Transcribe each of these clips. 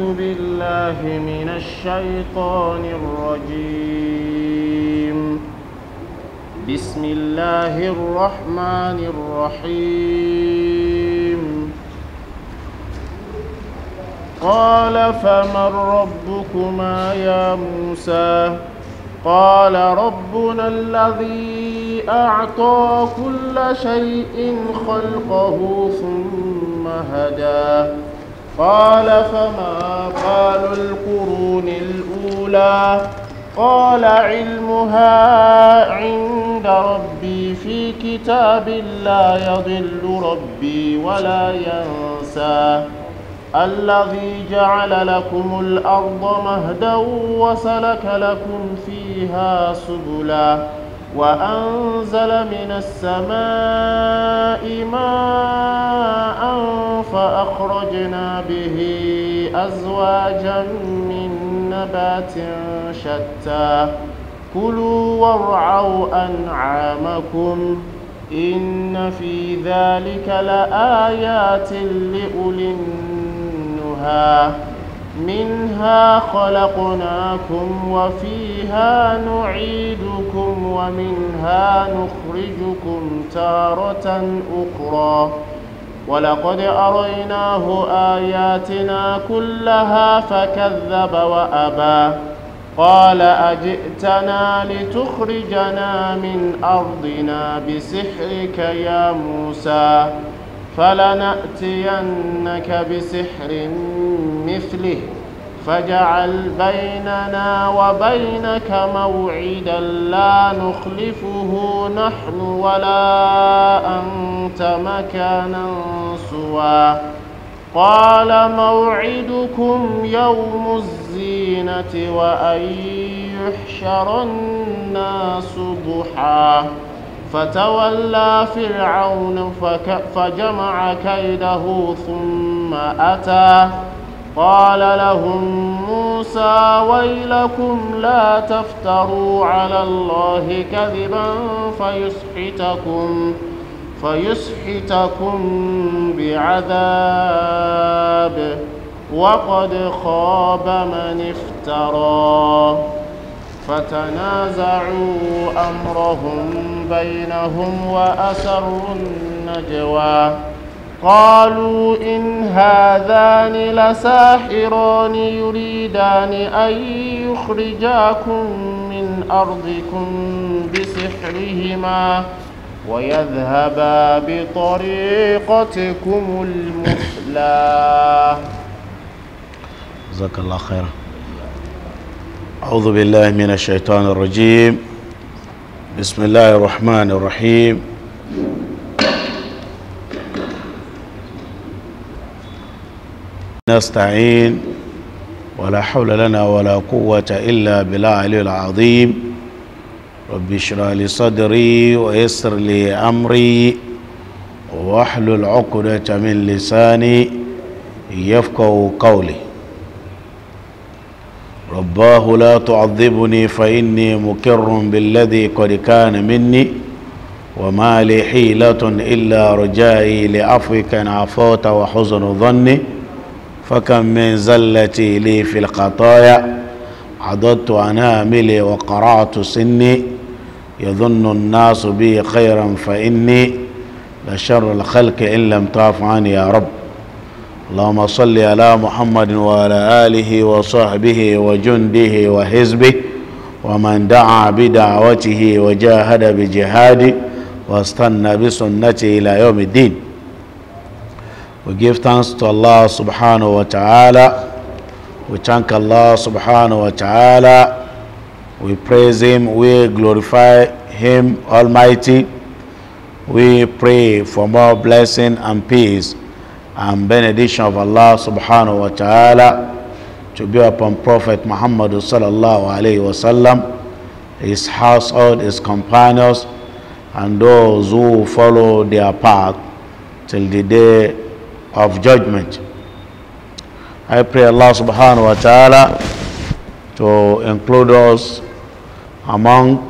بالله من الشيطان الرجيم بسم الله الرحمن الرحيم قال فمن ربكما يا موسى قال ربنا الذي أعطى كل شيء خلقه ثم هداه قال فما قال القرون الأولى قال علمها عند ربي في كتاب لا يضل ربي ولا ينسى الذي جعل لكم الأرض مهدا وسلك لكم فيها سبلا وأنزل من السماء ماء فأخرجنا به أزواجا من نبات شتى كلوا وارعوا أنعامكم إن في ذلك لآيات لأولي النهى منها خلقناكم وفيها نعيدكم ومنها نخرجكم تارة أخرى ولقد أريناه آياتنا كلها فكذب وأبى قال أجئتنا لتخرجنا من أرضنا بسحرك يا موسى فلنأتينك بسحر مثله فاجعل بيننا وبينك موعدا لا نخلفه نحن ولا أنت مكانا سوى قال موعدكم يوم الزينة وأن يحشر الناس ضحى فتولى فرعون فك فجمع كيده ثم أتى قال لهم موسى ويلكم لا تفتروا على الله كذبا فيسحتكم فيسحتكم بعذاب وقد خاب من افترى فتنازعوا أمرهم بينهم وأسروا النجوى قالوا إن هذان لساحران يريدان أن يخرجاكم من أرضكم بسحرهما ويذهبا بطريقتكم المثلى جزاك الله خيرا أعوذ بالله من الشيطان الرجيم بسم الله الرحمن الرحيم نستعين ولا حول لنا ولا قوة إلا بالله العظيم رب اشرح لي صدري ويسر لي أمري واحلل عقدة من لساني يفقه قولي رباه لا تعذبني فإني مكر بالذي قد كان مني وما لي حيلة إلا رجائي لعفوك عفوت وحزن ظني فكم من زلتي لي في الخطايا عضدت أناملي وقرعت سني يظن الناس بي خيرا فإني لشر الخلق إن لم تعف عني يا رب اللهم صل على محمد وعلى آله وصحبه وجنده وحزبه ومن دعا بدعوته وجاهد بجهاده واستنى بسنته إلى يوم الدين We give thanks to Allah subhanahu wa ta'ala. We thank Allah subhanahu wa ta'ala. We praise Him. We glorify Him Almighty. We pray for more blessing and peace and benediction of Allah subhanahu wa ta'ala to be upon Prophet Muhammad sallallahu alayhi wa sallam, his household, his companions, and those who follow their path till the day of judgment. I pray Allah subhanahu wa ta'ala to include us among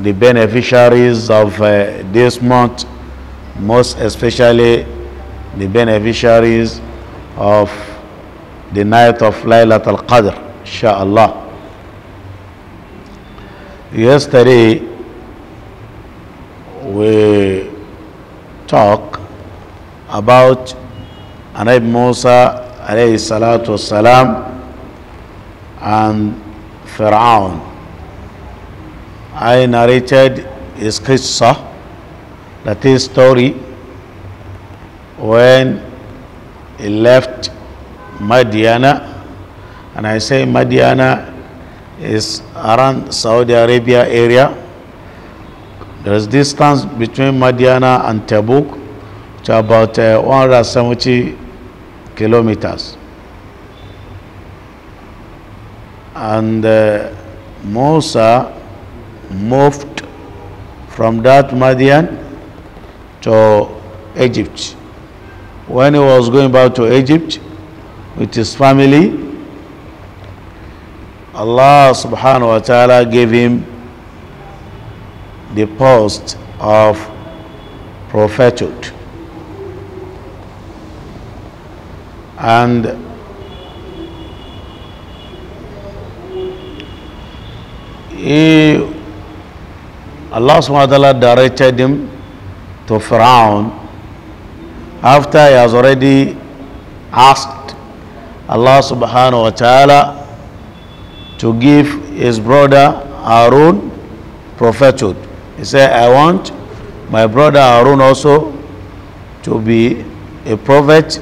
the beneficiaries of uh, this month, most especially the beneficiaries of the night of Laylat al-Qadr, inshaAllah. Yesterday, we talked about Anabi Musa alayhi salatu salam, and Fir'aun. I narrated his qissa, that is story when he left Madiana, and I say Madiana is around Saudi Arabia area. There is distance between Madiana and Tabuk to about uh, 170 kilometers. And uh, Musa moved from that Madian to Egypt when he was going back to Egypt with his family, Allah subhanahu wa ta'ala gave him the post of prophethood. And he, Allah subhanahu wa ta'ala directed him to Pharaoh after he has already asked Allah subhanahu wa ta'ala to give his brother Harun prophethood. He said, I want my brother Harun also to be a prophet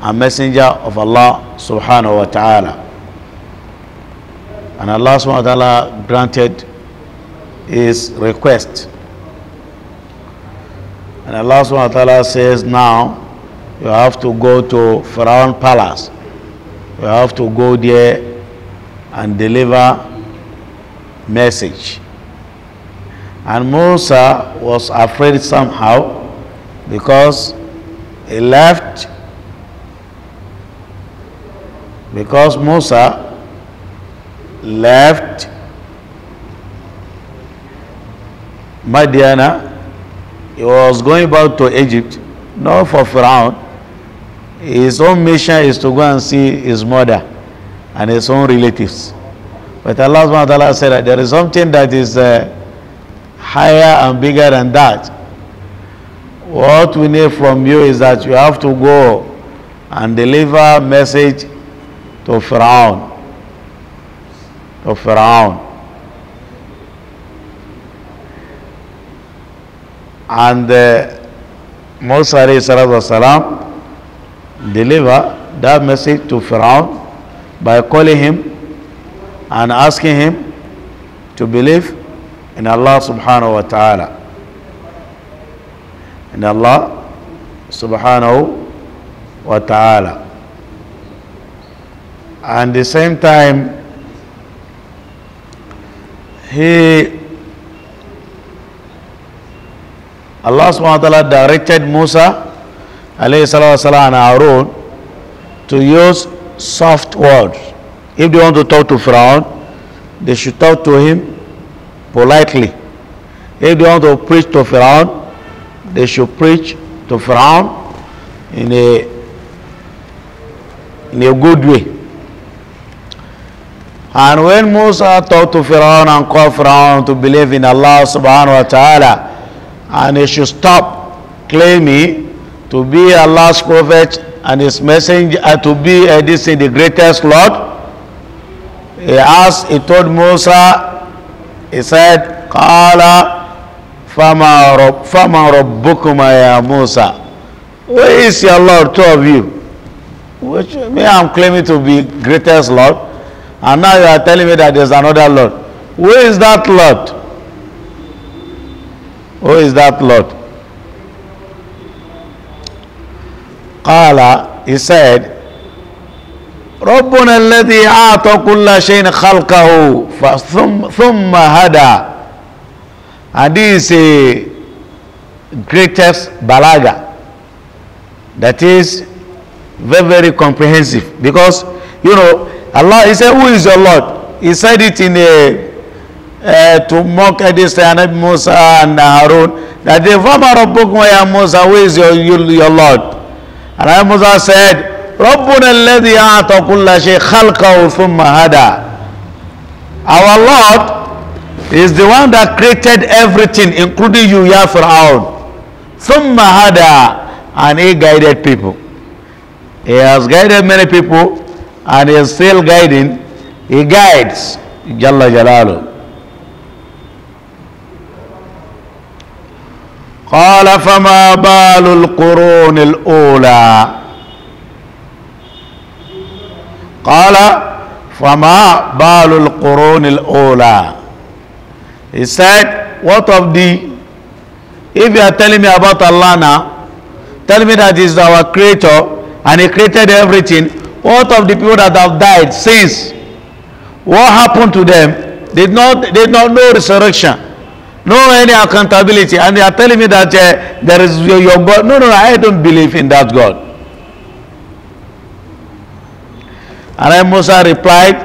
and messenger of Allah subhanahu wa ta'ala. And Allah subhanahu wa ta'ala granted his request. And Allah subhanahu wa ta'ala says, now you have to go to Pharaoh palace. You have to go there and deliver message. And Musa was afraid somehow because he left because Musa left Madiana he was going back to Egypt, not for Pharaoh. His own mission is to go and see his mother and his own relatives. But Allah said that there is something that is uh, higher and bigger than that. What we need from you is that you have to go and deliver a message to Pharaoh. To Pharaoh. and uh, Musa والسلام, deliver that message to Pharaoh by calling him and asking him to believe in Allah subhanahu wa ta'ala. In Allah subhanahu wa ta'ala. And the same time, he Allah subhanahu wa ta'ala directed Musa alayhi salam and Aaron to use soft words. If they want to talk to Pharaoh, they should talk to him politely. If they want to preach to Pharaoh, they should preach to Pharaoh in a in a good way. And when Musa talked to Pharaoh and called Pharaoh to believe in Allah subhanahu wa ta'ala, and he should stop claiming to be Allah's prophet and his messenger and uh, to be uh, this uh, the greatest Lord. He asked, he told Musa, he said, Qala fama rabbukuma ya Musa. Where is your Lord, two of you? Which me, I'm claiming to be greatest Lord. And now you are telling me that there's another Lord. Where is that Lord? Who is that Lord? Qala, he said, ربنا الذي أعطى كل شيء خلقه ثم, ثم هدى and this is a greatest balaga that is very very comprehensive because you know Allah he said who is your Lord he said it in a uh, to mock against Nabi Musa and Harun that the former Rabbukum oh, ya Musa who is your, your Lord and Nabi Musa said ربنا الذي أعطى كل شيء خلقه ثم hāda." our Lord is the one that created everything including you ya Fir'aun ثم and he guided people he has guided many people and he is still guiding he guides Jalla Jalaluh قال فما بال القرون الأولى قال فما بال القرون الأولى He said what of the if you are telling me about Allah now tell me that is our creator and he created everything what of the people that have died since what happened to them they did not they did not know resurrection No any accountability. And they are telling me that uh, there is your, your God. No, no, I don't believe in that God. And then Musa replied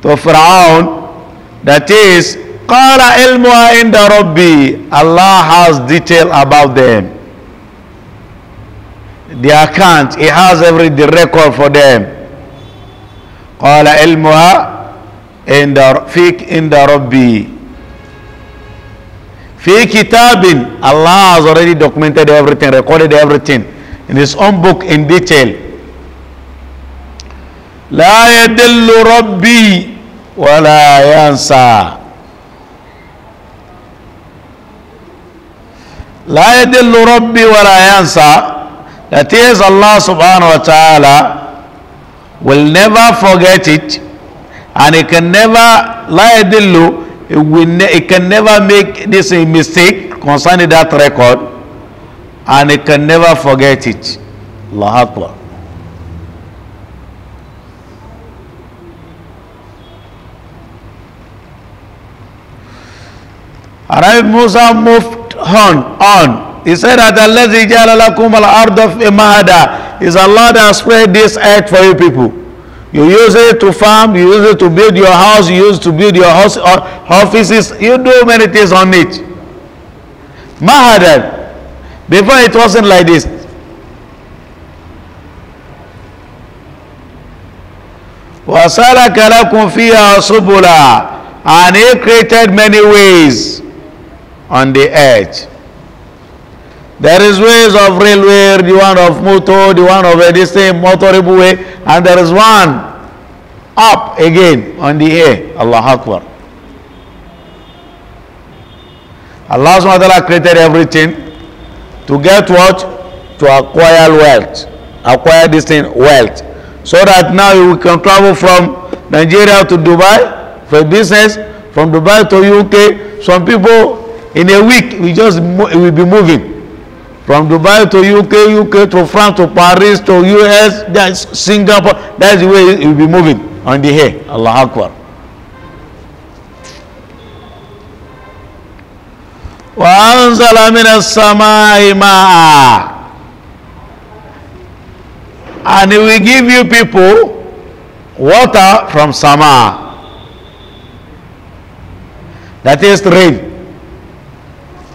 to Pharaoh, that is, Qala ilmuha inda Rabbi. Allah has detail about them. The account, He has every the record for them. Qala ilmuha inda, in the Rabbi. في كتاب الله has already documented everything, recorded everything in his own book in detail. لا يدل ربي ولا ينسى لا يدل ربي ولا ينسى that is Allah subhanahu wa ta'ala will never forget it and he can never لا يدل it can never make this a mistake concerning that record and it can never forget it. Allah Akbar. Arab Musa moved on. on. He said that Allah is Allah that spread this earth for you people. You use it to farm, you use it to build your house, you use it to build your house, or uh, offices, you do many things on it. Mahadan, before it wasn't like this. وَسَلَكَ لَكُمْ فِيهَا And he created many ways on the edge. There is ways of railway, the one of motor, the one of this thing, motorable way and there is one up again on the air. Allah Akbar. Allah subhanahu wa ta'ala created everything to get what? To acquire wealth. Acquire this thing, wealth. So that now you can travel from Nigeria to Dubai for business, from Dubai to UK. Some people in a week we just we will be moving from Dubai to UK, UK to France to Paris to US, that's Singapore. That's the way it will be moving on the air. Allah Akbar. وأنزل من السماء ماء and he will give you people water from sama that is rain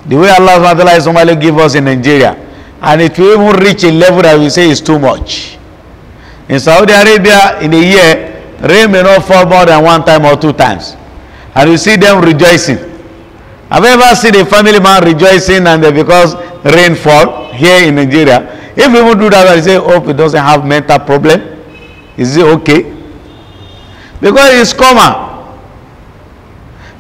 The way Allah subhanahu is normally give us in Nigeria. And it will even reach a level that we say is too much. In Saudi Arabia, in a year, rain may not fall more than one time or two times. And you see them rejoicing. Have you ever seen a family man rejoicing and because rainfall here in Nigeria? If we would do that, I say, hope it doesn't have mental problem. Is it okay? Because it's common.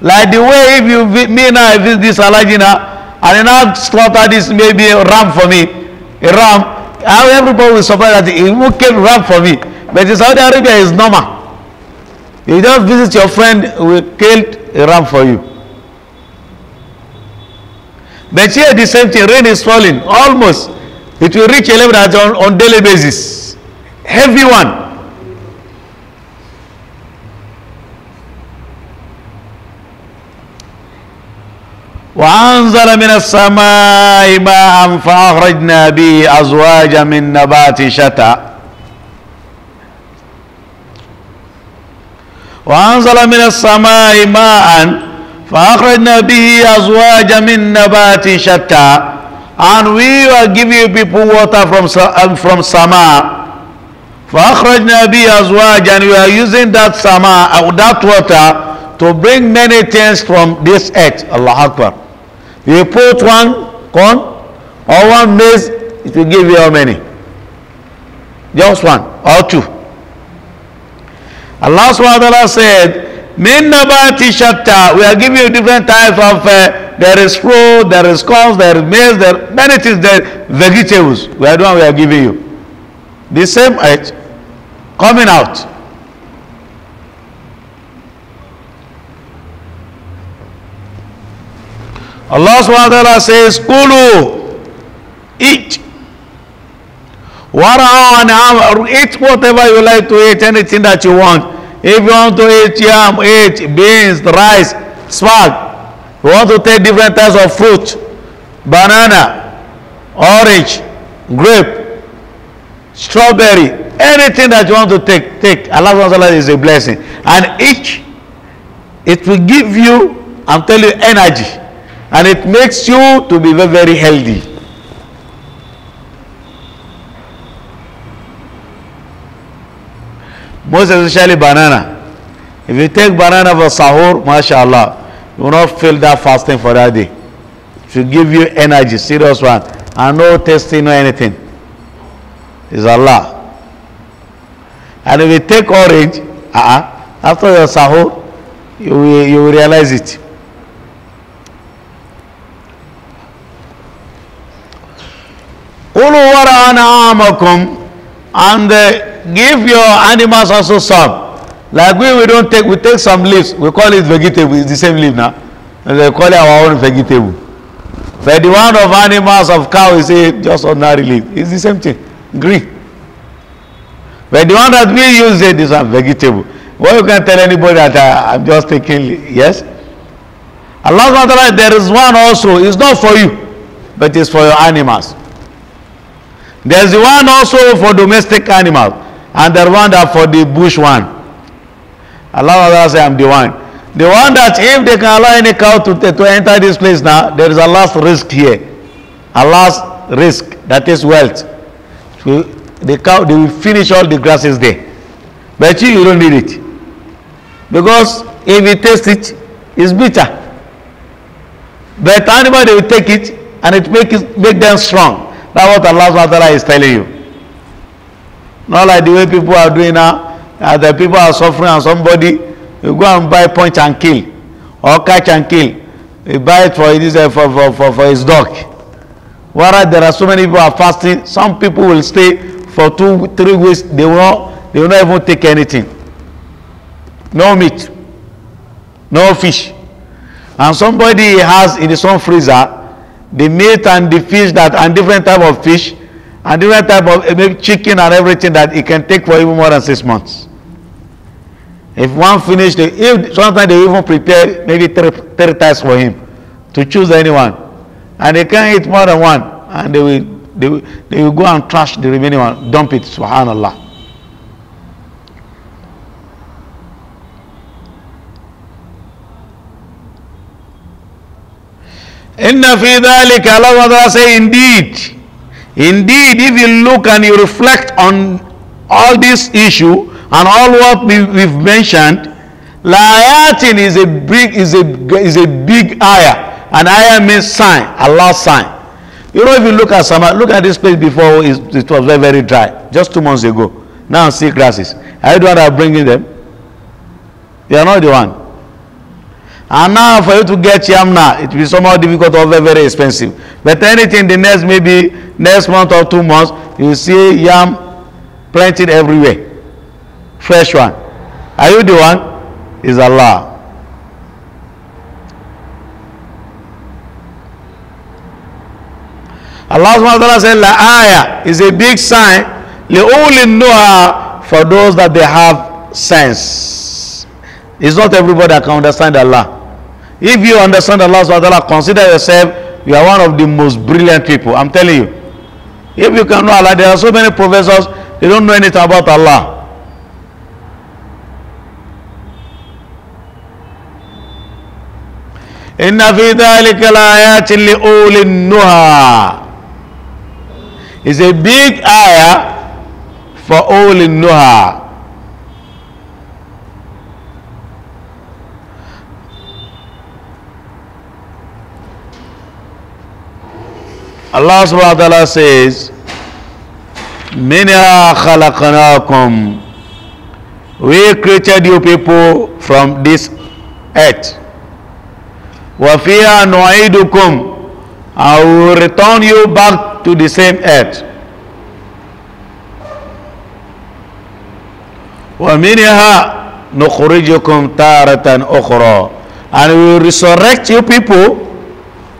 Like the way if you me now, if this allergy now, and now slaughter this maybe a ram for me a ram how everybody will support that who came ram for me but in Saudi Arabia is normal you just visit your friend who killed a ram for you but here the same thing rain is falling almost it will reach a on, on daily basis heavy one وأنزل من السماء ماء فأخرجنا به أزواجا من نبات شتى وأنزل من السماء ماء فأخرجنا به أزواجا من نبات شتى and we will give you people water from um, from Sama فأخرجنا به أزواجا and we are using that Sama uh, that water to bring many things from this earth Allah Akbar You put one corn or one maize, it will give you how many? Just one or two. Allah subhanahu wa ta'ala said, Min nabati shatta, we are giving you different types of, uh, there is fruit, there is corn, there is maize, there many things, there vegetables. We are doing, we are giving you. The same age, coming out. Allah SWT says, Kulu, eat. Eat whatever you like to eat, anything that you want. If you want to eat yam, eat beans, rice, swag. You want to take different types of fruit, banana, orange, grape, strawberry, anything that you want to take, take. Allah SWT is a blessing. And each, it will give you, I'm telling you, energy and it makes you to be very, very healthy. Most especially banana. If you take banana for sahur, mashallah, you will not feel that fasting for that day. It should give you energy, serious one, and no testing or anything. It's Allah. And if you take orange, uh -uh, after your sahur, you will, you will realize it. Uluwaranaamakum and uh, give your animals also some. Like we, we don't take, we take some leaves. We call it vegetable. It's the same leaf now. And they call it our own vegetable. But the one of animals, of cow, is a just ordinary leaf. It's the same thing. Green. But the one that we use it is a vegetable. Well, you can tell anybody that uh, I, am just taking, yes? Allah, there is one also. It's not for you, but it's for your animals. There's the one also for domestic animals, and the one that for the bush one. Allah Allah say I'm the one. The one that if they can allow any cow to, to enter this place now, there is a last risk here. A last risk, that is wealth. So the cow, they will finish all the grasses there. But you, you don't need it. Because if you taste it, it's bitter. But animal, they will take it and it make, it, make them strong. That's what Allah SWT is telling you. Not like the way people are doing now, uh, the people are suffering and somebody, you go and buy punch and kill, or catch and kill. You buy it for his, uh, for, for, for, for his dog. Whereas there are so many people are fasting, some people will stay for two, three weeks, they will not, they will not even take anything. No meat, no fish. And somebody has in his own freezer, the meat and the fish that and different type of fish and different type of eh, chicken and everything that it can take for even more than six months. If one finished, if sometimes they even prepare maybe three, three types for him to choose anyone, and they can't eat more than one, and they will they will, they will go and trash the remaining one, dump it, subhanallah. Inna fi dhalika Allah say indeed. Indeed, if you look and you reflect on all this issue and all what we, we've mentioned, Layatin is a big is a is a big ayah. and ayah means sign, Allah's sign. You know, if you look at some look at this place before it, it was very, very dry, just two months ago. Now see grasses. Are you the one that bringing them? You are not the one. And now for you to get Yamna, it will be somehow difficult or very, very expensive. But anything the next maybe next month or two months, you see yam planted everywhere. Fresh one. Are you the one? Is Allah. Allah subhanahu wa ta'ala said, La is a big sign. The only know for those that they have sense. It's not everybody that can understand Allah. If you understand Allah subhanahu wa ta'ala, consider yourself, you are one of the most brilliant people. I'm telling you. If you can know Allah, there are so many professors, they don't know anything about Allah. إن في ذلك لآيات لأولي النهى is a big ayah for all in Allah subhanahu wa ta'ala says, Minha khalaqanakum. We created you people from this earth. Wafiya nu'idukum. I will return you back to the same earth. وَمِنْهَا نُخْرِجُكُمْ تَارَةً أُخْرَى And we will resurrect you people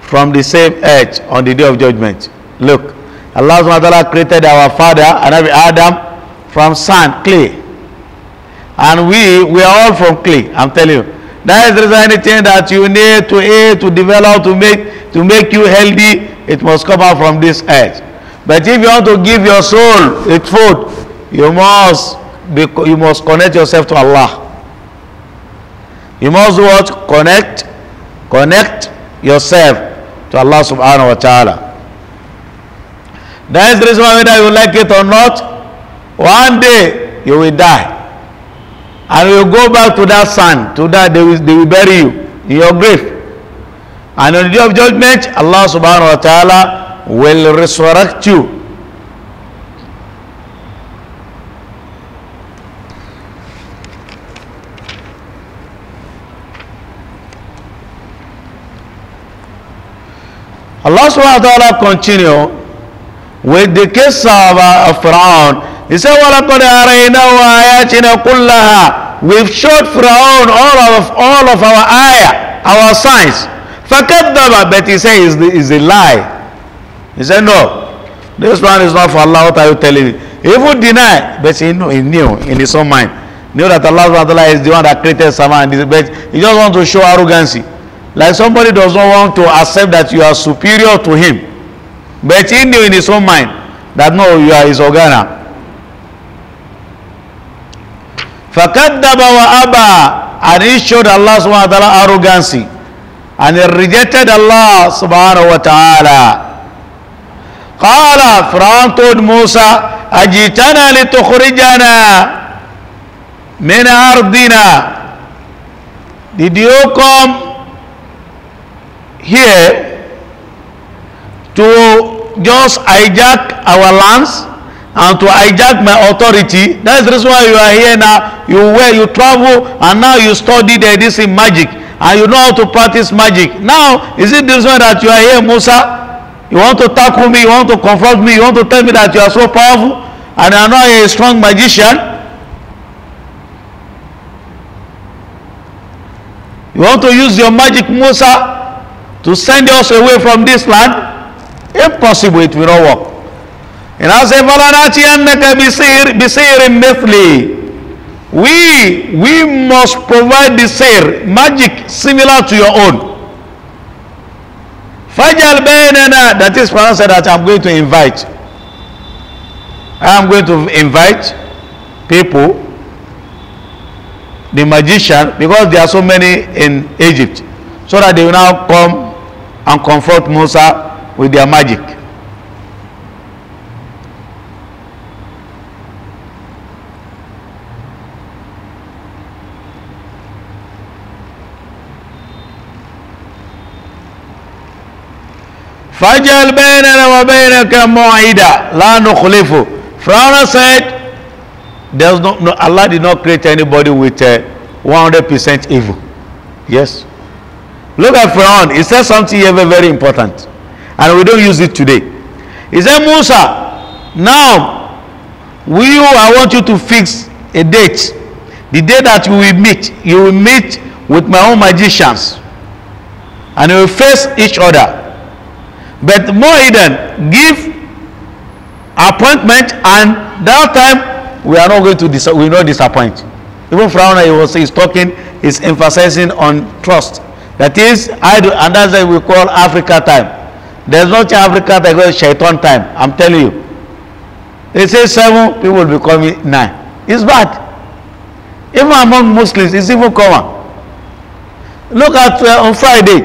from the same earth on the day of judgment. Look, Allah subhanahu created our father, Anabi Adam, from sand, clay. And we, we are all from clay, I'm telling you. That is the reason anything that you need to eat, to develop, to make, to make you healthy, it must come out from this earth. But if you want to give your soul its food, you must, be, you must connect yourself to Allah. You must what? Connect, connect yourself to Allah subhanahu wa ta'ala. That is the reason why whether you like it or not, one day you will die. And you will go back to that sun. to that they will, they will bury you in your grave. And on the day of judgment, Allah subhanahu wa ta'ala will resurrect you Allah subhanahu wa ta'ala continue with the case of uh, our Pharaoh. He said, ولقد أَرَيْنَهُ آيَاتِنَا كُلَّهَا We've showed Pharaoh all of, all of our ayah, our signs. فَكَذَّبَ But he said, is a lie. He said, no. This one is not for Allah. What are you telling me? He would deny. But he knew, he knew in his own mind. Knew that Allah is the one that created Sama. But he just wants to show arrogancy. Like somebody does not want to accept that you are superior to him. But he knew in his own mind that no, you are his organa. فَكَدَّبَ وَأَبَى And he showed Allah subhanahu wa ta'ala arrogancy. And he rejected Allah subhanahu wa ta'ala. قال فرعون told موسى أجئتنا لتخرجنا من أرضنا Did you come here to just hijack our lands and to hijack my authority. That's the reason why you are here now. You where you travel and now you study the this in magic and you know how to practice magic. Now, is it this way that you are here, Musa? You want to tackle me, you want to confront me, you want to tell me that you are so powerful and I know you are a strong magician. You want to use your magic, Musa, to send us away from this land? Impossible, it will not work. And I say, We, we must provide the sir, magic similar to your own. Fajal that is pronounced that I'm going to invite. I'm going to invite people, the magician, because there are so many in Egypt, so that they will now come and comfort Musa with their magic. Fajal bainana wa bainaka mu'ida la nukhlifu. Pharaoh said, There's no, no, Allah did not create anybody with 100% uh, evil. Yes. Look at Pharaoh. He said something here very, very important. And we don't use it today. He said, Musa, now we I want you to fix a date. The day that we will meet, you will meet with my own magicians. And we will face each other. But more Eden, give appointment and that time we are not going to dis- we will not disappoint. Even Pharaoh he was he's talking, he's emphasizing on trust That is, I do, and that's why we call Africa time. There There's no Africa time, it's shaitan time. I am telling you. They say seven, people will be coming nine. It's bad. Even among Muslims, it's even common. Look at uh, on Friday.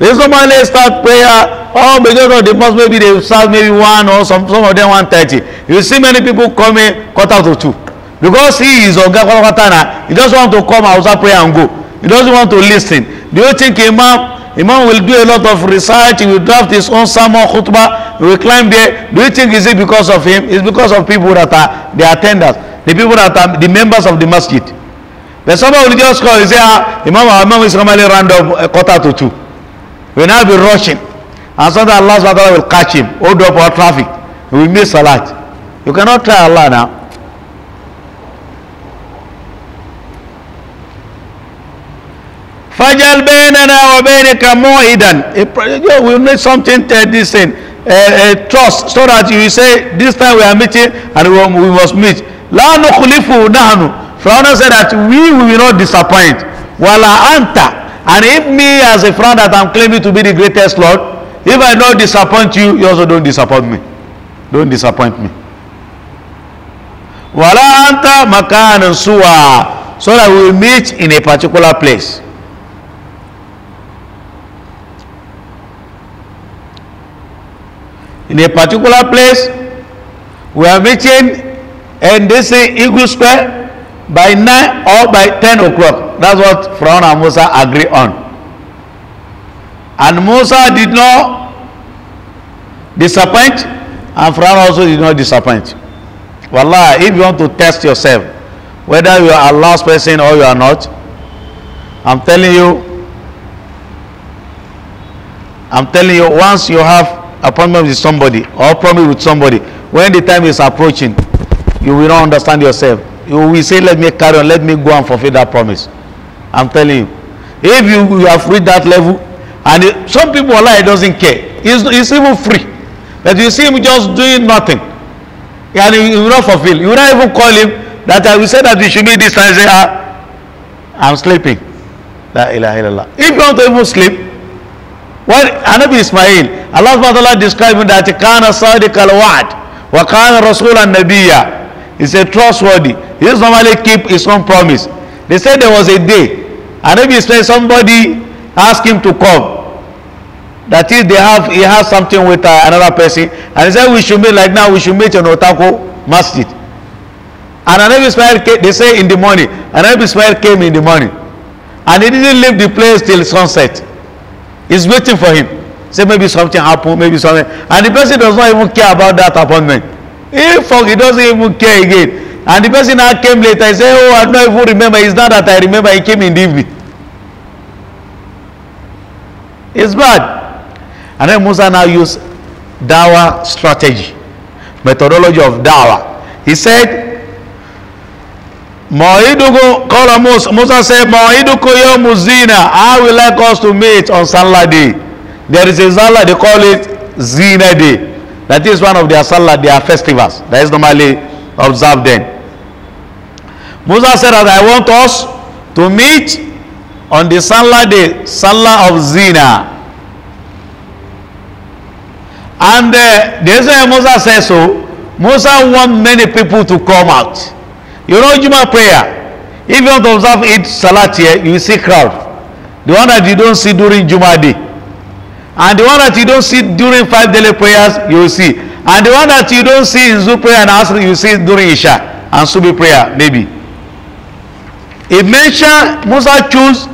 They normally start prayer, Oh, because of the mosque, maybe they start maybe one or some, some of them one thirty. You see many people coming quarter to two. Because he is on Gakwala He doesn't want to come outside prayer and go. He doesn't want to listen Do you think Imam Imam will do a lot of research, he will draft his own sermon, khutba. he will climb there. Do you think is it because of him? It's because of people that are the attenders, the people that are the members of the masjid. But somebody will just call He say, ah, Imam, Imam is normally around a quarter to two. We now be rushing. And so sometimes Allah will catch him, hold up our traffic. We miss a lot. You cannot try Allah now. fajal bainana wa bainika mu'idan you will make something tell uh, this thing uh, uh, trust so that you say this time we are meeting and we, we must meet la nukhlifu nahnu Fir'aun said that we will not disappoint wala anta and if me as a friend that I'm claiming to be the greatest Lord if I don't disappoint you you also don't disappoint me don't disappoint me wala anta makanan suwa so that we will meet in a particular place in a particular place we are meeting and they say eagle square by 9 or by 10 o'clock that's what Pharaoh and Musa agree on and Musa did not disappoint and Pharaoh also did not disappoint Wallah, if you want to test yourself whether you are a lost person or you are not I'm telling you I'm telling you once you have appointment with somebody or promise with somebody, when the time is approaching, you will not understand yourself. You will say, Let me carry on, let me go and fulfill that promise. I'm telling you. If you, you have reached that level, and it, some people, Allah doesn't care. It's, even free. That you see him just doing nothing. And he, will not fulfill. You will not even call him that I will say that you should be this time. Say, ah, I'm sleeping. La ilaha illallah. If you want to even sleep, what Anabi Ismail, Allah subhanahu described him that Kana Sadiq al Wa'ad wa Kana Rasul al Nabiya. He said trustworthy. He normally keep his own promise. They said there was a day. Anabi Ismail, somebody asked him to come. That is, they have he has something with uh, another person, and he said we should meet like now. We should meet in Otako Masjid. And Anabi Ismail, came, they say in the morning. Anabi Ismail came in the morning, and he didn't leave the place till sunset. Is waiting for him. Say maybe something happened, maybe something. And the person does not even care about that appointment. If he doesn't even care again. And the person now came later, he said, Oh, I don't even remember. It's not that I remember, he came in the evening. It's bad. And then Musa now use dawa strategy, methodology of dawa. He said, Mo'iduku qala Musa Musa said Mo'iduku yawmu zina I will like us to meet on Salah there is a Salah they call it Zina day that is one of their Salah their festivals that is normally observed then Musa said that I want us to meet on the Salah day of Zina and uh, the reason Musa said so Musa want many people to come out You know Juma prayer. If you want to observe it Salat here, you will see crowd. The one that you don't see during Juma day. And the one that you don't see during five daily prayers, you will see. And the one that you don't see in Zuhr prayer and Asr, you see during Isha and Subi prayer, maybe. If mention Musa choose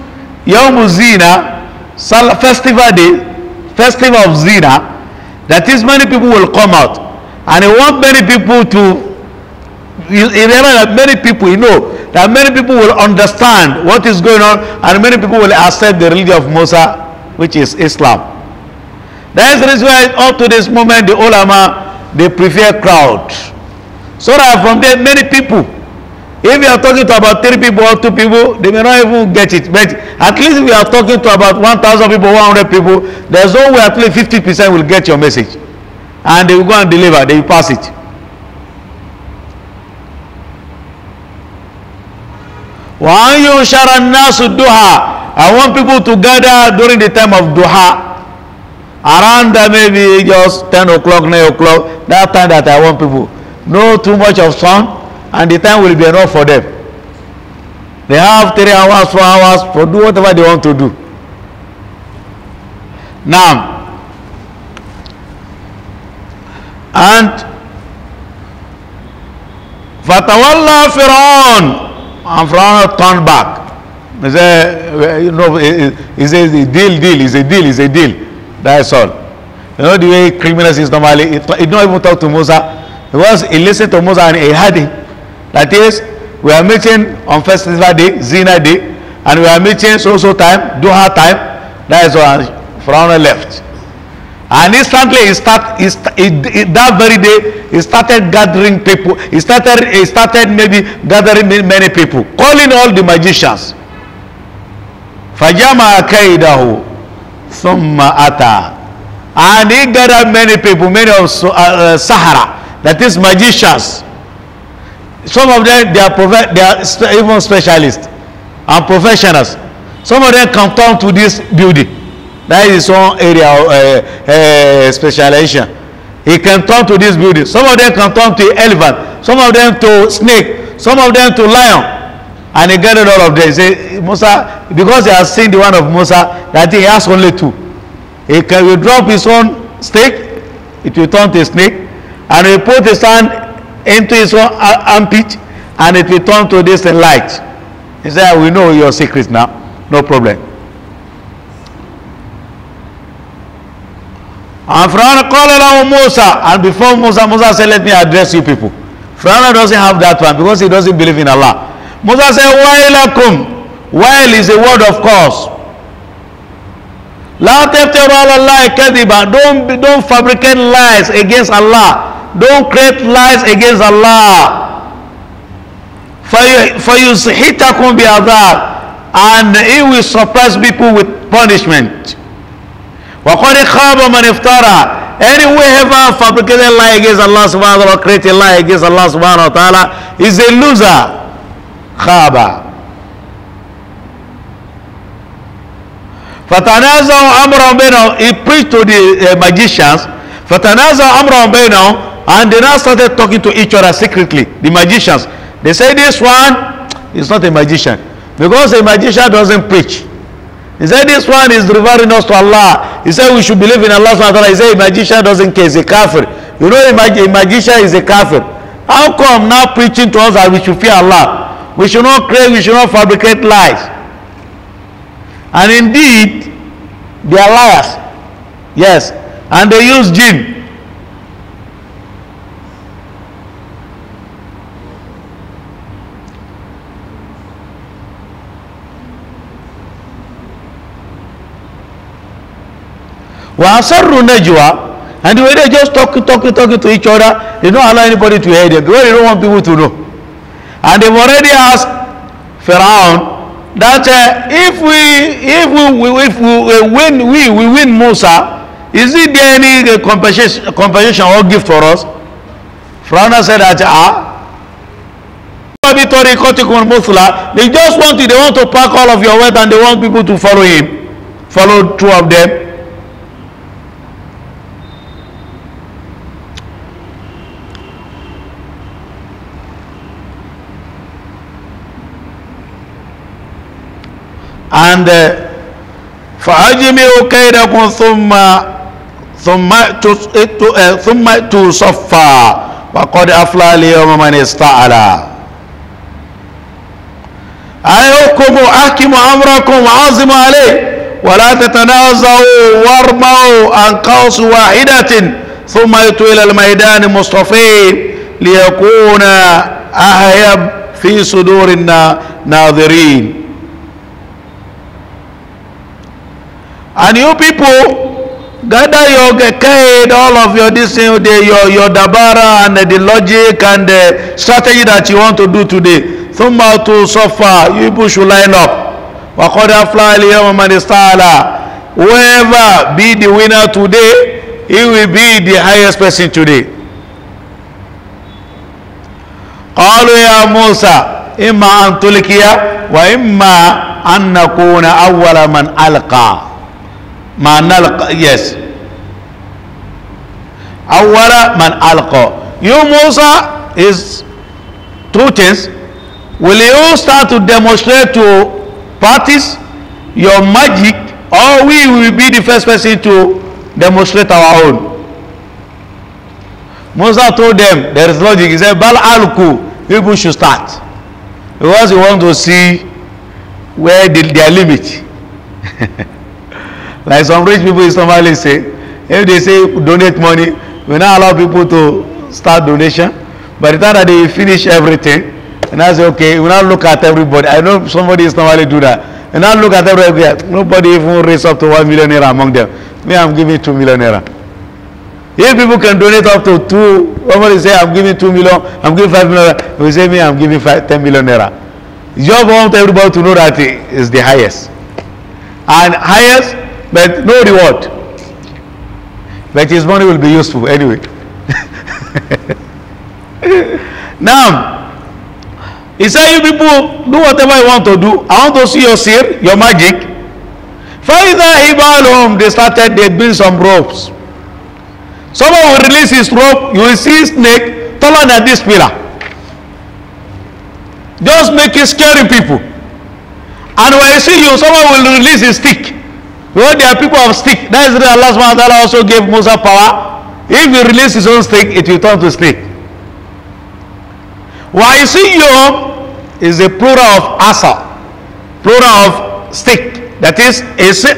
Yom Zina, festival day, festival of Zina, that is many people will come out. And he want many people to you, you remember that many people, you know, that many people will understand what is going on and many people will accept the religion of Musa, which is Islam. That's the reason why up to this moment the ulama, they prefer crowd. So that from there many people, if we are talking to about three people or two people, they may not even get it. But at least if we are talking to about 1,000 people, 100 people, there's no way at least 50% will get your message. And they will go and deliver, they will pass it. wọ́n yóò ṣára náàsù duha i want people to gather during the time of duha around uh, maybe just 10 o'clock 9 o'clock that time that i want people no too much of sun and the time will be enough for them they have three hours four hours for do whatever they want to do now and fatawalla firaun I'm from back. He said, you know, he says, deal, deal, is a deal, is a deal. That's all. You know the way criminals is normally, he, do not even talk to Musa. Because he listened to Musa and he heard him. That is, we are meeting on festival day, Zina day, and we are meeting so-so time, Duha time. That is all. Faraona left. And instantly he start, he, he, that very day, he started gathering people. He started, he started maybe gathering many people, calling all the magicians. Fajama kaidahu, thumma ata. And he gathered many people, many of uh, uh, Sahara, that is magicians. Some of them, they are, they are even specialists and professionals. Some of them can come to this building. that is one area of uh, uh, specialization he can turn to this building some of them can turn to elephant some of them to snake some of them to lion and he gathered all of them he say Musa because he has seen the one of Musa that he has only two he can will drop his own stake it will turn to a snake and he put his hand into his own uh, armpit and it will turn to this light he say we know your secret now no problem And Fir'aun called out Moses, And before Moses, Moses said, let me address you people. Fir'aun doesn't have that one because he doesn't believe in Allah. Moses said, Wailakum. Wail is a word of course. La taftaru Allah kadiba. Don't, don't fabricate lies against Allah. Don't create lies against Allah. فَيُسْحِتَكُمْ بِعَذَابٍ And he will surprise people with punishment. وَقَدْ خَابَ مَنْ افترى. And whoever fabricated a lie against Allah subhanahu wa ta'ala, created a lie against Allah subhanahu wa ta'ala, is a loser. خَابَ فَتَنَازَعُ أَمْرًا بَيْنَهُمْ He preached to the uh, magicians. فَتَنَازَعُ أَمْرًا بَيْنَهُمْ And they now started talking to each other secretly, the magicians. They say this one is not a magician. Because a magician doesn't preach. He said this one is referring us to Allah. He said we should believe in Allah He said a magician doesn't care, he's a kafir. You know a, a magician is a kafir. How come now preaching to us that we should fear Allah? We should not create, we should not fabricate lies. And indeed, they are liars. Yes. And they use jinn. وَأَسَرُّ najwa, And the way they just talking, talking, talking to each other, they don't allow anybody to hear them. They don't want people to know. And they've already asked Pharaoh that uh, if we, if we, if we uh, win, we, we win Musa, is it there any uh, compensation, compensation or gift for us? Pharaoh said that, ah, they just want to, they want to pack all of your wealth and they want people to follow him, follow two of them. and فأجمعوا كيدكم ثم ثم آه، ثم تصفى وقد أفلى اليوم من استعلى أيكم أحكم أمركم عظم عليه ولا تتنازعوا وارموا عن قوس واحدة ثم يتوا إلى الميدان مصطفين ليكون أهيب في صدور الناظرين and you people gather your kekade all of your this thing today your your dabara and uh, the logic and the strategy that you want to do today ثم to suffer you people should line up وقد أفلح اليوم من استعلى whoever be the winner today he will be the highest person today قالوا Musa, موسى إما أن تلقي وإما أن نكون أول من ألقى man alqa yes awwala man you Musa is two things will you start to demonstrate to parties your magic or we will be the first person to demonstrate our own Musa told them there is logic he said bal alku people should start because he want to see where the, their limit Like some rich people in Somalia say, if they say donate money, we now allow people to start donation. But the time that they finish everything, and I say, okay, we now look at everybody. I know somebody in Somalia do that. And I look at everybody, nobody even raise up to one million naira among them. Me, I'm giving two million naira. If people can donate up to two, somebody say, I'm giving two million, I'm giving five million, we say, me, I'm giving five, ten million naira. You want everybody to know that is the highest. And highest but no reward. But his money will be useful anyway. now, he said, You people do whatever you want to do. I want to see your sir, your magic. Faida Ibalum, they started, they built some ropes. Someone will release his rope, you will see snake taller than this pillar. Just make it scary people. And when you see you, someone will release his stick. When there are people of stick, that is the Allah subhanahu wa ta'ala also gave Musa power. If he release his own stick, it will turn to snake. Waisiyum is a plural of asa, plural of stick. That is,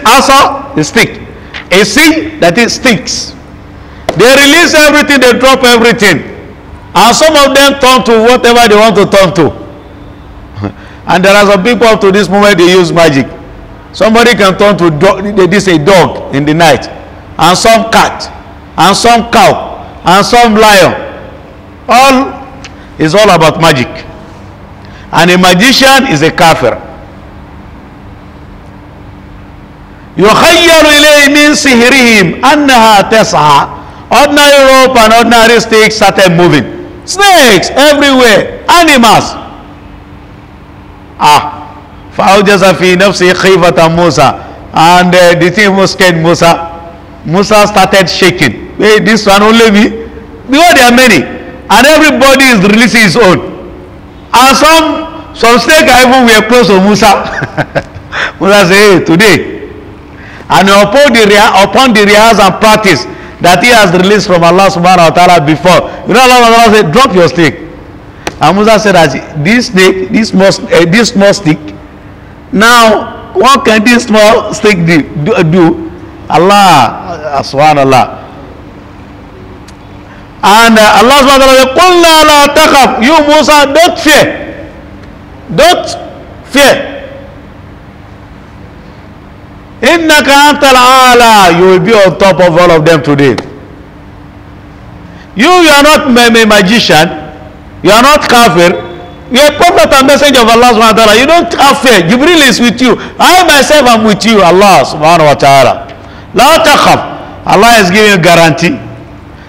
asa is stick. A sin that is sticks. They release everything, they drop everything. And some of them turn to whatever they want to turn to. and there are some people up to this moment they use magic. Somebody can turn to dog, this a dog in the night, and some cat, and some cow, and some lion. All is all about magic. And a magician is a kafir. يخير إليه من سحرهم أنها تسعى ordinary rope and ordinary sticks started moving snakes everywhere animals ah Faujasa fi nafsi khifata Musa. And uh, the thing was scared Musa. Musa started shaking. Hey, this one only me. Because there are many. And everybody is releasing his own. And some, some snake even were close to Musa. Musa said, hey, today. And upon the, upon the rehearse and practice that he has released from Allah subhanahu wa ta'ala before. You know Allah subhanahu wa ta'ala said, drop your snake. And Musa said, this snake, this small, uh, this small snake, Now, what can this small stick do? do? Uh, Allah, uh, subhanallah. And uh, Allah subhanahu wa ta'ala You Musa, don't fear. Don't fear. Innaka antal ala, you will be on top of all of them today. You, you are not a magician. You are not kafir. You're a prophet and messenger of Allah subhanahu wa ta'ala. You don't have fear. Jibril is with you. I myself am with you, Allah subhanahu wa ta'ala. La takhaf. Allah is giving you guarantee.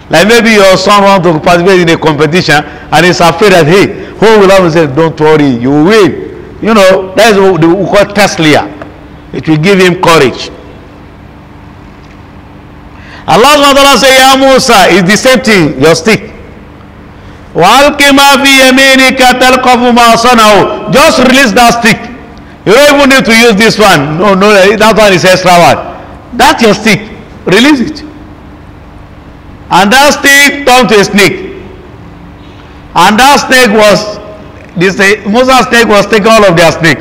Like maybe your son wants to participate in a competition and he's afraid that, hey, who will have say, don't worry, you will win. You know, that is what we call tasliya. It will give him courage. Allah subhanahu wa ta'ala say, Ya Musa, it's the same thing, your stick. Just release that stick. You don't even need to use this one. No, no, that one is extra one. That's your stick. Release it. And that stick turned to a snake. And that snake was, this eh, Musa's snake was taking all of their snake.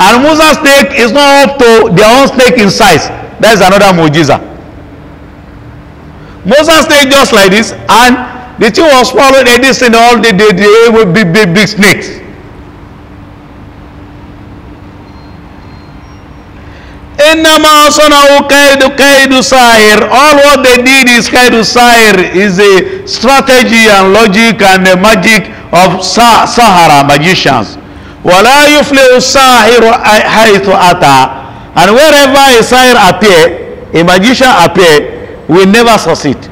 And Musa's snake is not up to their own snake in size. That is another mojiza. Musa's snake just like this and The thing was swallowed and this and all the the they were big, big, big snakes. Innama sana'u kaidu kaidu sahir. All what they did is kaidu sahir is a strategy and logic and a magic of Sahara magicians. Wala yuflihu sahiru haythu ata. And wherever a sahir appear, a magician appear, will never succeed.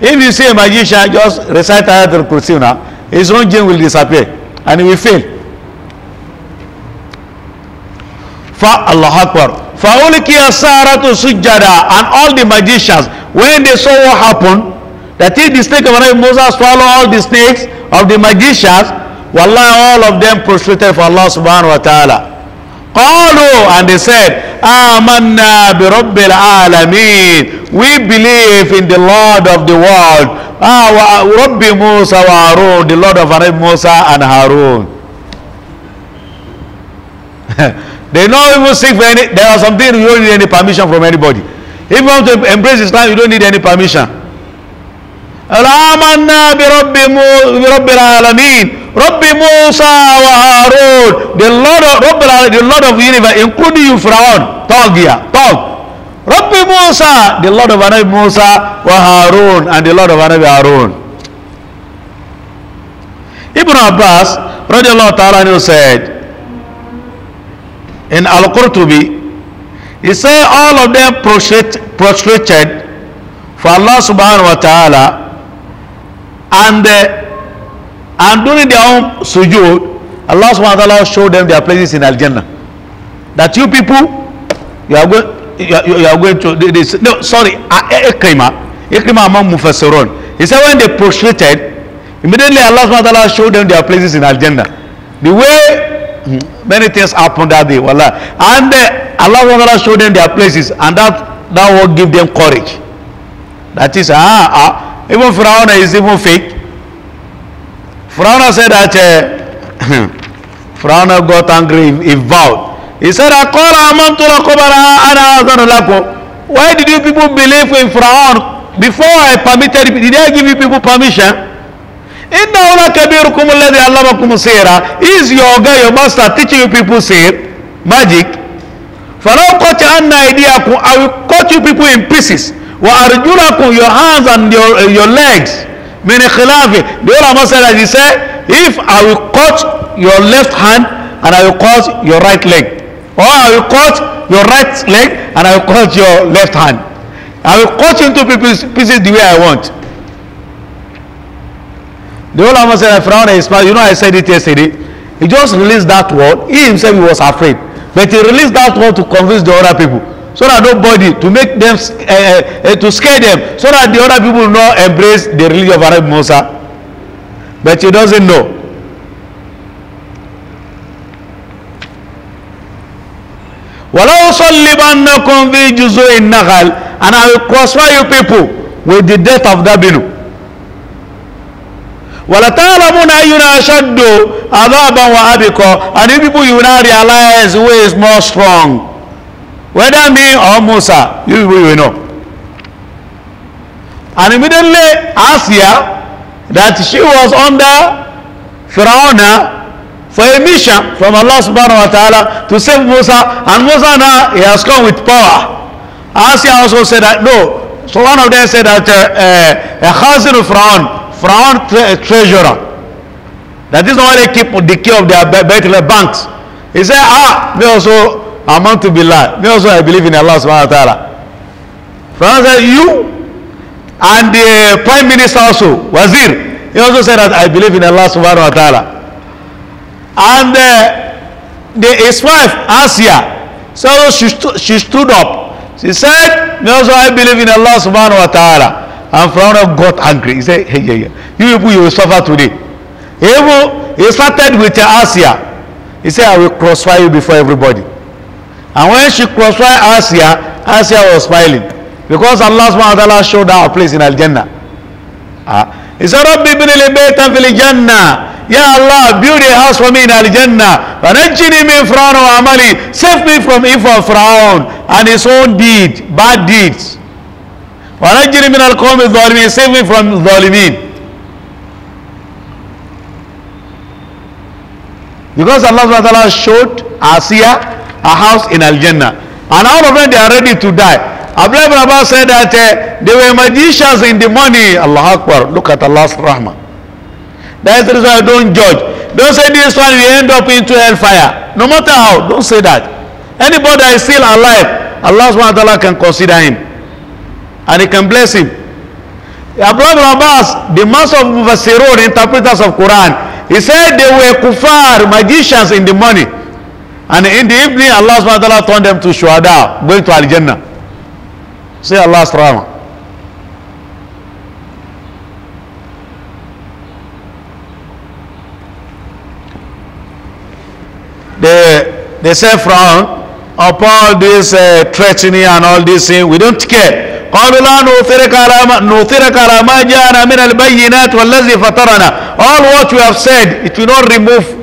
If you see a magician just recite Ayatul Kursi now, his own jinn will disappear and he will fail. Fa Allah Akbar. Fa'ulikiya Saratu Sujjada and all the magicians, when they saw what happened, that if the snake of Moses, swallow all the snakes of the magicians, wallahi all of them prostrated for Allah subhanahu wa ta'ala. Qalu and they said, amanna bi rabbil alamin we believe in the lord of the world ah wa rabbi musa wa harun the lord of Arab musa and harun they don't even seek for any there are some things you don't need any permission from anybody if you want to embrace islam you don't need any permission amanna bi rabbi musa bi rabbil alamin Rabbi Musa wa Harun, the Lord of Rabbi, the Lord of universe, including you, Pharaoh. Talk here, talk. Rabbi Musa, the Lord of Anabi Musa wa Harun, and the Lord of Anabi Harun. Ibn Abbas, radiallahu ta'ala, said in Al Qurtubi, he said, All of them prostrated for Allah subhanahu wa ta'ala, and uh, And during their own sujood, Allah subhanahu wa ta'ala showed them their places in Al Jannah. That you people, you are going, you are, you are going to this. No, sorry, uh, Ikrima, Ikrima among Mufassirun. He said when they prostrated, immediately Allah subhanahu wa ta'ala showed them their places in Al Jannah. The way hmm, many things happened that day, wallah. And uh, Allah subhanahu wa ta'ala showed them their places, and that that will give them courage. That is, ah, ah even Pharaoh is even fake. Firaun said that uh, eh, Firaun got angry, he vowed. He said, Akora amantu lakobara Why did you people believe in Firaun before I permitted? Did I give you people permission? Inna ula kabirukum alladhi allamakum sira. Is your guy, your master teaching you people sir magic? Farao cut anna idiakum. I will cut you people in pieces. Wa arjulakum, your hands and your, your legs min khilafi the old Ulama said that he said if I will cut your left hand and I will cut your right leg or I will cut your right leg and I will cut your left hand I will cut into pieces, the way I want the Ulama said that Firaun is you know I said it yesterday he just released that word he himself was afraid but he released that word to convince the other people so that nobody to make them uh, uh, to scare them so that the other people not embrace the religion of Arab Musa but he doesn't know walau sallibannakum fi juzu'in nakhal and I will crossfire you people with the death of Dabinu ولتعلمون أينا أشد عذابا وأبقى and you people you will not realize who is more strong whether me or Musa, you will know. And immediately Asia, that she was under Pharaoh for a mission from Allah subhanahu wa ta'ala to save Musa. And Musa now, he has come with power. Asia also said that, no. So one of them said that, uh, uh, a uh, Khazir Pharaoh, Pharaoh treasurer. That is why they keep the key of their bank. banks. He said, ah, they also amount to be lie me also i believe in allah subhanahu wa ta'ala france said you and the uh, prime minister also wazir he also said that i believe in allah subhanahu wa ta'ala and uh, the, his wife asia so oh, she, st she stood up she said me also i believe in allah subhanahu wa ta'ala and Pharaoh got angry he said hey, yeah, yeah. you people you will suffer today he, will, he started with asia he said i will crossfire you before everybody and when she crossed Asia Asia was smiling because Allah subhanahu wa ta'ala showed her place in Al-Jannah ah. he said Rabbi ibn li baytan fil Jannah Ya Allah build a house for me in Al-Jannah فنجني من فرعون amali, save me from evil Pharaoh and his own deed bad deeds ونجني من القوم الظالمين save me from الظالمين because Allah subhanahu wa ta'ala showed Asia a house in Al Jannah. And all of them, they are ready to die. Abdullah ibn Abbas said that uh, they were magicians in the money. Allah Akbar. Look at Allah's rahmah. That's the reason I don't judge. Don't say this one will end up into hellfire. No matter how, don't say that. Anybody that is still alive, Allah can consider him. And he can bless him. Abdullah ibn Abbas, the master of Mufassirun, interpreters of Quran, he said they were kuffar, magicians in the money. And in the evening, Allah subhanahu wa turned them to shuhada, going to Al-Jannah. Say Allah's rahmah. They, they say, from Frown, all this uh, treachery and all this thing, we don't care. قالوا لا نؤثرك على ما نؤثرك على ما جاءنا من البينات والذي فطرنا all what we have said it will not remove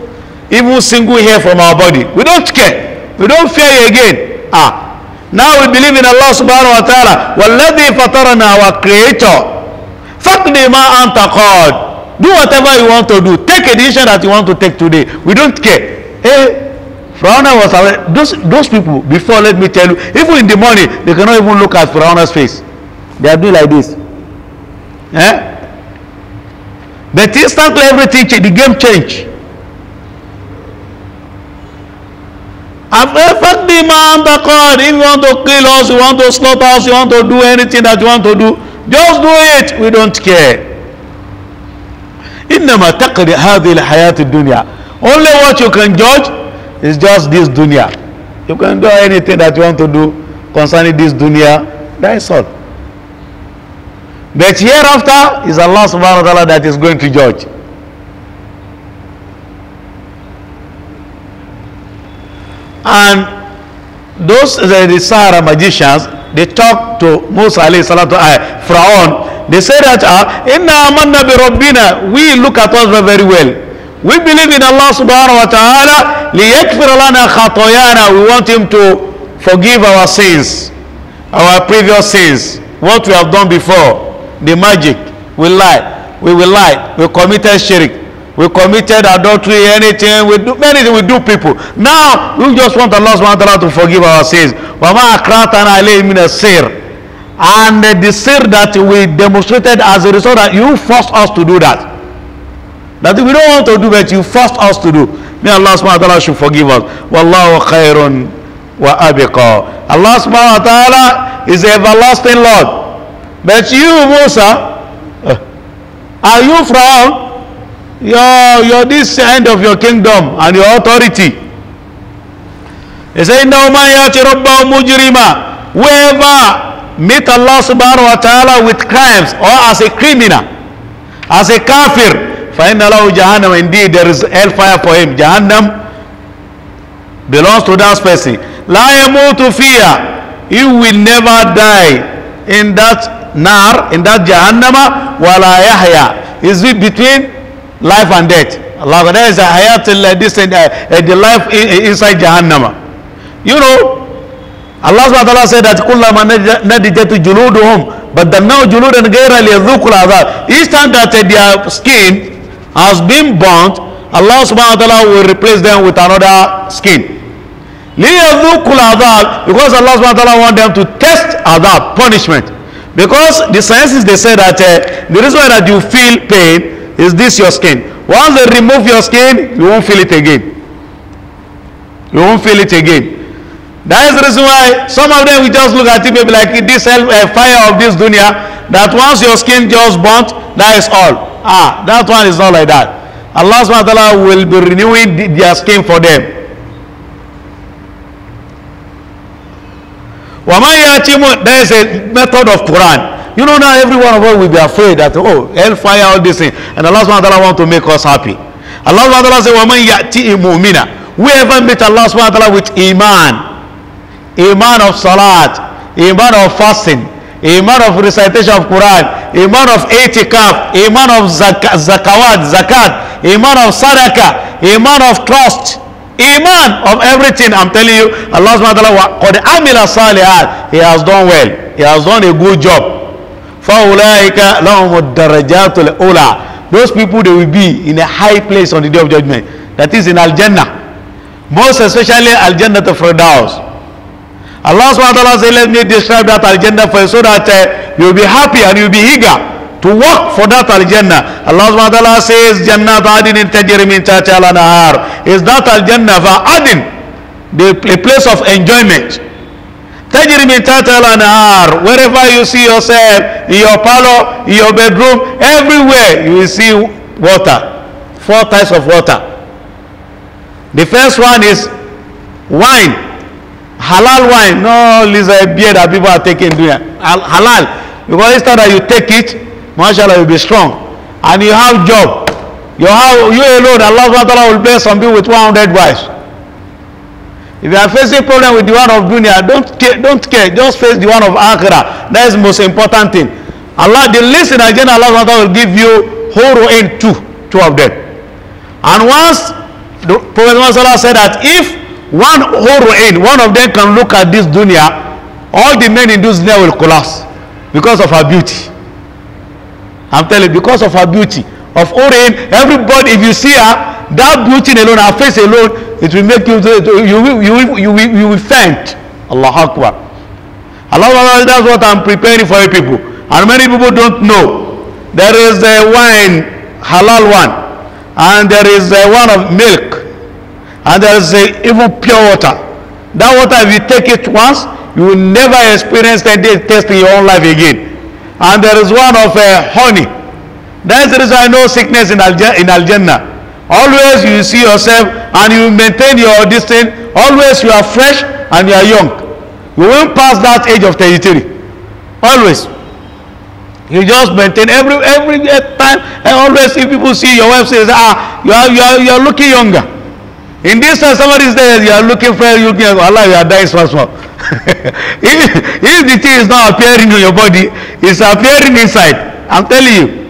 even single hair from our body. We don't care. We don't fear you again. Ah. Now we believe in Allah subhanahu wa ta'ala. Walladhi fatarana, our creator. Fakni ma anta qad. Do whatever you want to do. Take a decision that you want to take today. We don't care. Hey, eh? Firauna was Those, those people, before, let me tell you, even in the morning, they cannot even look at Firauna's face. They are doing like this. Eh? But instantly everything The game changed. affect the man the God. If you want to kill us, you want to slaughter us, you want to do anything that you want to do, just do it. We don't care. إنما تقضي هذه الحياة dunya, Only what you can judge is just this dunya. You can do anything that you want to do concerning this dunya. That is all. But hereafter is Allah subhanahu wa ta'ala that is going to judge. And those the, sahara Sarah magicians, they talk to Musa alayhi salatu ay, uh, Pharaoh. They say, that uh, Inna amanna bi Rabbina, we look at us very well. We believe in Allah subhanahu wa ta'ala. لِيَكْفِرَ لَنَا خَطَيَانَا We want him to forgive our sins, our previous sins, what we have done before, the magic, we lie, we will lie, we committed shirk, we committed adultery, anything, we do many things we do people. Now we just want Allah subhanahu wa ta'ala to forgive our sins. And the sin that we demonstrated as a result that you forced us to do that. That we don't want to do, but you forced us to do. May Allah subhanahu wa ta'ala should forgive us. Wallahu khairun wa abiqa. Allah subhanahu wa ta'ala is the everlasting Lord. But you, Musa, eh, are you from? you're this end of your kingdom and your authority he said no man yati mujrima whoever meet Allah subhanahu wa ta'ala with crimes or as a criminal as a kafir find Allah jahannam indeed there is hellfire for him jahannam belongs to that person la yamutu fiha he will never die in that nar in that jahannama wala yahya is it between life and death Allah there is a hayat distant uh, this uh, uh, the life in, inside Jahannam you know Allah subhanahu wa ta'ala said that kullama nadijatu juluduhum but the now juludan ghayra liyadhuqul azab each time that uh, their skin has been burnt Allah subhanahu wa ta'ala will replace them with another skin liyadhuqul azab because Allah subhanahu wa ta'ala want them to test azab punishment because the sciences they say that uh, the reason why that you feel pain Is this your skin? Once they remove your skin, you won't feel it again. You won't feel it again. That is the reason why some of them we just look at it maybe like this eh, fire of this dunya. That once your skin just burnt, that is all. Ah, that one is not like that. Allah subhanahu wa ta'ala will be renewing their skin for them. There is a method of Quran. You know now every one of us will be afraid that oh hellfire all this thing and Allah subhanahu wa ta'ala want to make us happy. Allah subhanahu wa ta'ala say waman ya'ti We Whoever meet Allah subhanahu wa ta'ala with iman, iman of salat, iman of fasting, iman of recitation of Quran, iman of itikaf, iman of zak zakawat, zakat, iman of sadaqah, iman of trust, iman of everything i'm telling you allah subhanahu wa ta'ala he has done well he has done a good job those people, they will be in a high place on the day of judgment. That is in Al-Jannah. Most especially Al-Jannah to Firdaus. Allah subhanahu wa ta'ala says, let me describe that Al-Jannah for you so that uh, you'll be happy and you'll be eager to work for that Al-Jannah. Allah subhanahu wa ta'ala says, Jannah adin tajri min tahtiha al-anhar. Is that Al-Jannah for adin? The place of enjoyment. tajirimin tatala nahar wherever you see yourself in your parlor in your bedroom everywhere you will see water four types of water the first one is wine halal wine no lisa beer that people are taking doing halal because each time that you take it mashallah you be strong and you have job you have you alone allah will bless some people with 100 wives If you are facing problem with the one of dunya, don't care, don't care. Just face the one of akhirah. That is the most important thing. Allah, the least in agenda, Allah will give you whole in two, two of them. And once the Prophet Muhammad said that if one whole in, one of them can look at this dunya, all the men in this dunya will collapse because of her beauty. I'm telling you, because of her beauty. Of Urin, everybody, if you see her, that beauty alone, our face alone, it will make you, you will, you will, you will, you will faint. Allah Akbar. Allah, that's what I'm preparing for you people. And many people don't know. There is a wine, halal one, and there is a one of milk, and there is a even pure water. That water, if you take it once, you will never experience that taste in your own life again. And there is one of uh, honey. That's the reason I know sickness in Al-Jannah. Always you see yourself and you maintain your distance. Always you are fresh and you are young. You won't pass that age of 33. Always. You just maintain every every time and always if people see your wife says, ah, you are you are you are looking younger. In this time somebody says you are looking fresh, you looking Allah, you are dying small small. if, if the thing is not appearing in your body, it's appearing inside. I'm telling you.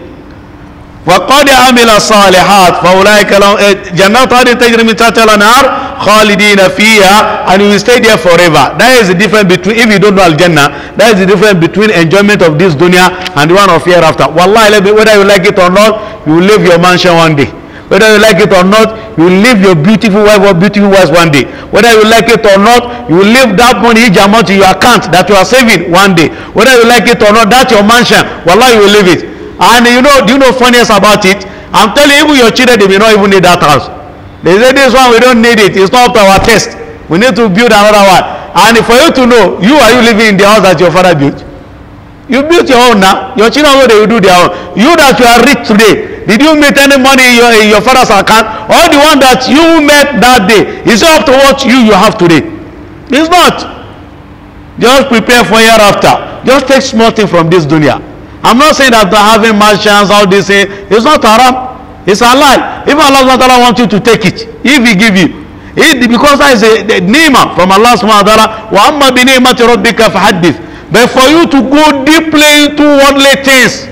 وقد عمل الصالحات فأولئك لهم جنات تجري من تحتها الأنهار خالدين فيها and you will stay there forever that is the difference between if you don't know Al-Jannah that is the difference between enjoyment of this dunya and the one of hereafter wallahi whether you like it or not you will leave your mansion one day whether you like it or not you will leave your beautiful wife or beautiful wives one day whether you like it or not you will leave that money each amount in your account that you are saving one day whether you like it or not that your mansion wallahi you will leave it And you know, do you know funniest about it? I'm telling you, even your children, they may not even need that house. They say this one, we don't need it. It's not up to our test. We need to build another one. And for you to know, you are you living in the house that your father built? You built your own now. Your children, know they will do their own. You that you are rich today, did you make any money in your, in your father's account? Or the one that you met that day, is up to what you, you have today? It's not. Just prepare for year after. Just take small thing from this dunya. I'm not saying that having merchants, all this, eh, it's not haram. It's a lie. If Allah subhanahu wants you to take it, if he give you, it, because that is a, a ni'mah from Allah subhanahu wa ta'ala, وَأَمَّا بِنِعْمَةِ رَبِّكَ فَحَدِّثْ But for you to go deeply into worldly things,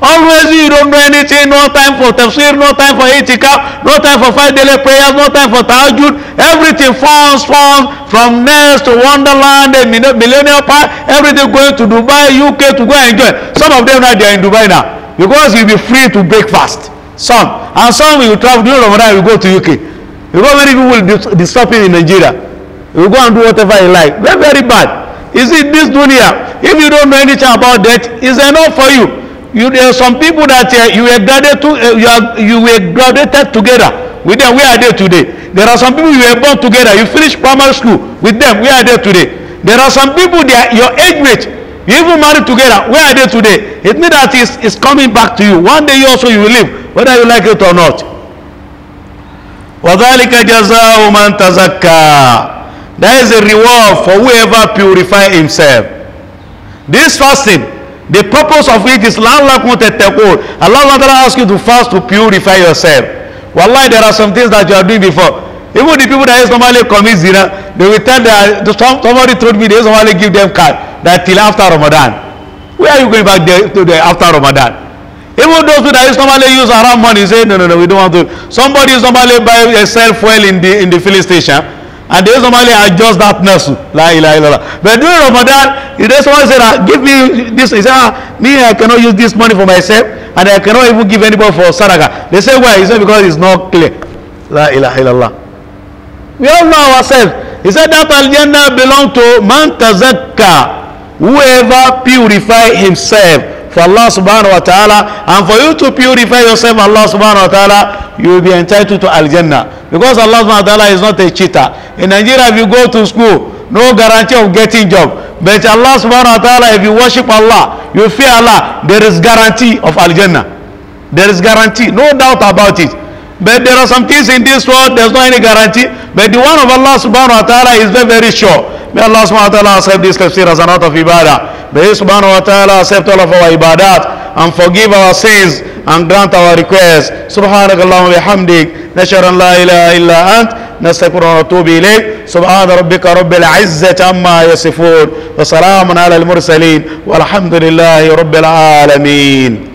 Always you don't do anything, no time for tafsir, no time for itikaf, no time for five daily prayers, no time for tahajud. Everything falls, falls from Nest to Wonderland and millennial Park, everything going to Dubai, UK to go and enjoy. Some of them now they are in Dubai now because you be free to break fast, Some. And some will travel during Ramadan, will go to UK. Because many people will disturb him in Nigeria. You go and do whatever you like. Very, very bad. You see, this dunya, if you don't know anything about that, it's enough for you. you there are some people that uh, you were graduated to, uh, you, are, you were graduated together with them where are they today there are some people you were born together you finished primary school with them where are they today there are some people that your age mate you even married together where are they today it means that is is coming back to you one day you also you will leave whether you like it or not وَذَلِكَ جَزَاءُ مَنْ تَزَكَّى That is a reward for whoever purify himself. This fasting The purpose of it is Allah لَعَلَّكُمْ تَتَّقُونَ Allah Ta'ala asks you to fast to purify yourself. Wallahi, there are some things that you are doing before. Even the people that is normally commit zina, they will tell that somebody told me they normally give them card that till after Ramadan. Where are you going back there to the after Ramadan? Even those people that is normally use haram money say no no no we don't want to. Somebody is normally buy a cell fuel in the in the filling station and they normally adjust that nasu la ilaha illallah but during Ramadan they someone said, that give me this he said, ah me I cannot use this money for myself and I cannot even give anybody for sadaqa they say why he said, because it's not clear la ilaha illallah we all know ourselves he said that aljanna belong to man tazakka whoever purify himself for Allah subhanahu wa ta'ala and for you to purify yourself Allah subhanahu wa ta'ala you will be entitled to al because Allah subhanahu wa ta'ala is not a cheater in Nigeria if you go to school no guarantee of getting job but Allah subhanahu wa ta'ala if you worship Allah you fear Allah there is guarantee of al there is guarantee no doubt about it But there are some things in this world, there's not any guarantee. But the one of Allah subhanahu wa ta'ala is very, very sure. May Allah subhanahu wa ta'ala accept this tafsir as an out of ibadah. May He subhanahu wa ta'ala accept all of our ibadat and forgive our sins and grant our requests. سبحانك اللهم وبحمدك نشهد أن لا إله إلا أنت نستغفرك ونتوب إليك سبحان ربك رب العزة عما يصفون وسلام على المرسلين والحمد لله رب العالمين